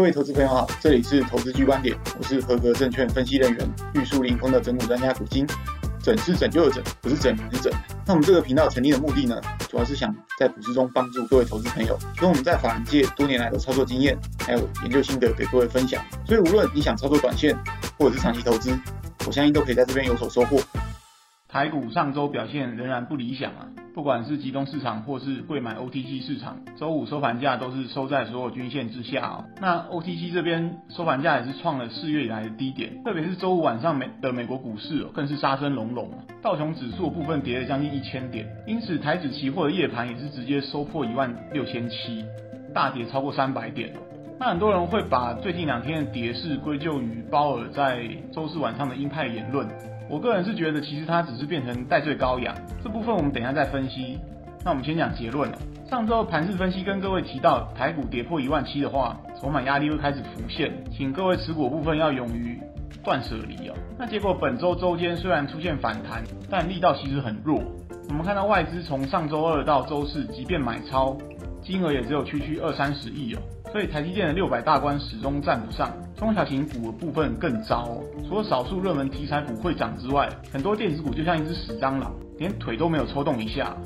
各位投資朋友好，這裡是投資 G 觀點，我是合格證券分析人員玉樹臨風的整股專家股金，整是拯救的拯，不是整，不是整。那我們這個頻道成立的目的呢，主要是想在股市中幫助各位投資朋友，用我們在法人界多年來的操作經驗，還有研究心得給各位分享。所以無論你想操作短線，或者是長期投資，我相信都可以在這邊有所收穫。台股上週表現仍然不理想啊，不管是集中市場或是櫃買 OTC 市場，週五收盤價都是收在所有均線之下哦。那 OTC 這邊收盤價也是創了四月以來的低點，特別是週五晚上美的美國股市哦，更是殺聲隆隆，道瓊指數部分跌了將近一千點，因此台指期貨的夜盤也是直接收破一萬六千七，大跌超過三百點哦。那很多人會把最近兩天的跌勢歸咎於鮑爾在週四晚上的鷹派的言論。我個人是覺得，其實它只是變成代罪羔羊，這部分我們等一下再分析。那我們先講結論了。上周盤勢分析跟各位提到，台股跌破一萬七的話，籌碼壓力會開始浮現，請各位持股部分要勇於斷舍離哦。那結果本周周間雖然出現反彈，但力道其實很弱。我們看到外資從上周二到周四，即便買超，金額也只有區區二三十億哦。所以台積電的六百大關始終站不上，中小型股的部分更糟哦。除了少數熱門題材股會漲之外，很多電子股就像一隻死蟑螂，連腿都沒有抽動一下，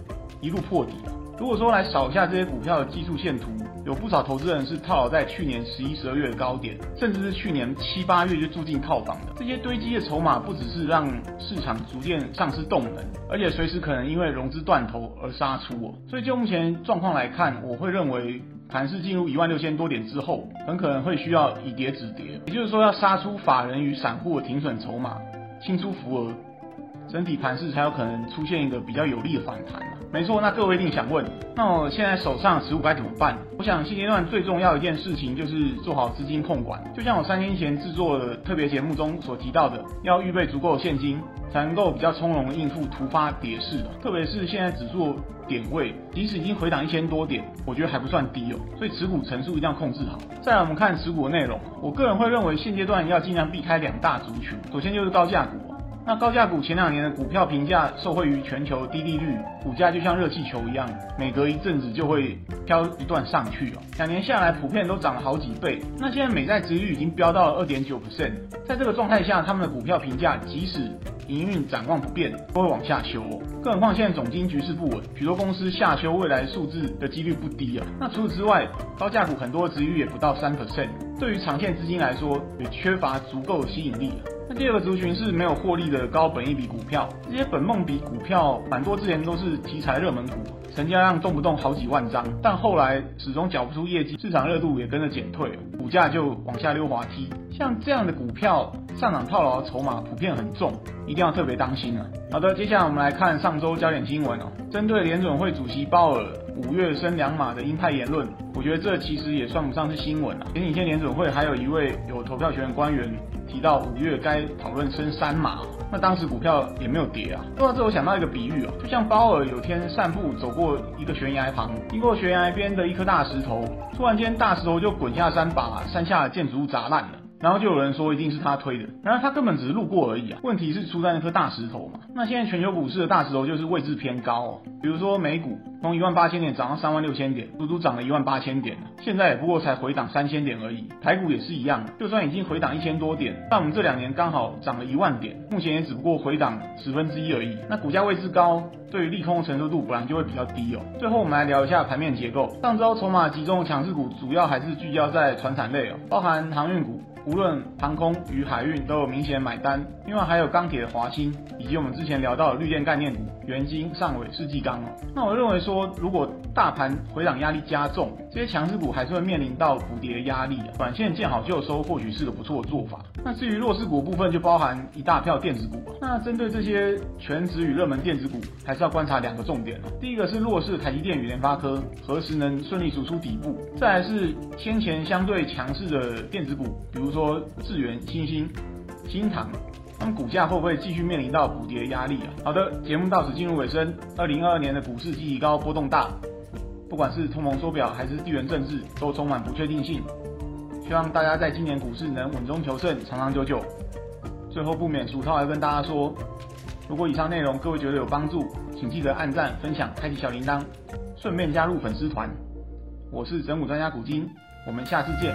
一路破底。如果說來掃一下這些股票的技術線圖，有不少投資人是套牢在去年十一、十二月的高點，甚至是去年七八月就住進套房的。這些堆積的籌碼不只是讓市場逐漸喪失動能，而且隨時可能因為融資斷頭而殺出哦。所以就目前狀況來看，我會認為盤勢進入一萬六千多點之後，很可能會需要以跌止跌，也就是說要殺出法人與散戶的停損籌碼，清出符額，整體盤勢才有可能出現一個比較有利的反彈啊。沒錯，那各位一定想問，那我現在手上持股該怎麼辦？我想現階段最重要的一件事情就是做好資金控管，就像我三天前制作的特別節目中所提到的，要預備足夠現金，才能夠比較從容的應付突發跌勢的。特別是現在指數點位，即使已經回檔一千多點，我覺得還不算低哦，所以持股層數一定要控制好。再來我們看持股的內容，我個人會認為現階段要盡量避開兩大族群，首先就是高價股。那高價股前兩年的股票評價受惠於全球的低利率，股價就像熱氣球一樣，每隔一陣子就會飄一段上去了、哦。兩年下來，普遍都漲了好幾倍。那現在美債殖利率已經飆到了二點九 percent，在這個狀態下，他們的股票評價即使營運展望不變，都會往下修、哦。更何況現在總經局勢不穩，許多公司下修未來數字的幾率不低啊。那除此之外，高價股很多殖利率也不到三 percent，對於長線資金來說，也缺乏足夠的吸引力了、啊。那第二個族群是沒有獲利的高本益比股票，這些本夢比股票蠻多，之前都是題材熱門股，成交量動不動好幾萬張，但後來始終繳不出業績，市場熱度也跟着減退，股價就往下溜滑梯。像這樣的股票上漲套牢的籌碼普遍很重，一定要特別當心啊！好的，接下來我們來看上週焦點新聞哦。針對聯準會主席鮑爾五月升兩碼的鷹派言論，我覺得這其實也算不上是新聞了啊。前幾天聯準會還有一位有投票權的官員。提到五月該討論升三碼，那當時股票也沒有跌啊。說到這，我想到一個比喻啊，就像鮑爾有天散步走過一個懸崖旁，經過懸崖邊的一顆大石頭，突然間大石頭就滾下山，把山下的建築物砸爛了。然後就有人說一定是他推的，然而他根本只是路過而已啊。問題是出在那顆大石頭嘛？那現在全球股市的大石頭就是位置偏高哦。比如說美股從一萬八千點漲到三萬六千點，足足漲了一萬八千點，現在也不過才回檔三千點而已。台股也是一樣，啊，就算已經回檔一千多點，但我們這兩年剛好漲了一萬點，目前也只不過回漲十分之一而已。那股價位置高，對於利空的承受度不然就會比較低哦。最後我們來聊一下盤面結構，上周籌碼集中的強勢股主要還是聚焦在傳產類哦，包含航運股。無論航空與海運都有明顯買單，另外還有鋼鐵的華興，以及我們之前聊到的綠電概念股元晶、上緯、世紀鋼哦、啊。那我認為說，如果大盤回檔壓力加重，這些強勢股還是會面臨到補跌的壓力、啊，短線見好就收或許是個不錯的做法。那至於弱勢股部分，就包含一大票電子股、啊。那針對這些權值與熱門電子股，還是要觀察兩個重點哦、啊。第一個是弱勢台積電與聯發科何時能順利走出底部，再來是先前相對強勢的電子股，比如。說智原、欣興、新唐，那麼股價會不會繼續面臨到補跌壓力啊？好的，節目到此進入尾聲。二零二二年的股市，極高波動大，不管是通膨縮表，還是地緣政治，都充滿不確定性。希望大家在今年股市能穩中求勝，長長久久。最後不免俗套，來跟大家說，如果以上內容各位覺得有幫助，請記得按讚、分享、開啟小鈴鐺，順便加入粉絲團。我是整股專家古今，我們下次見。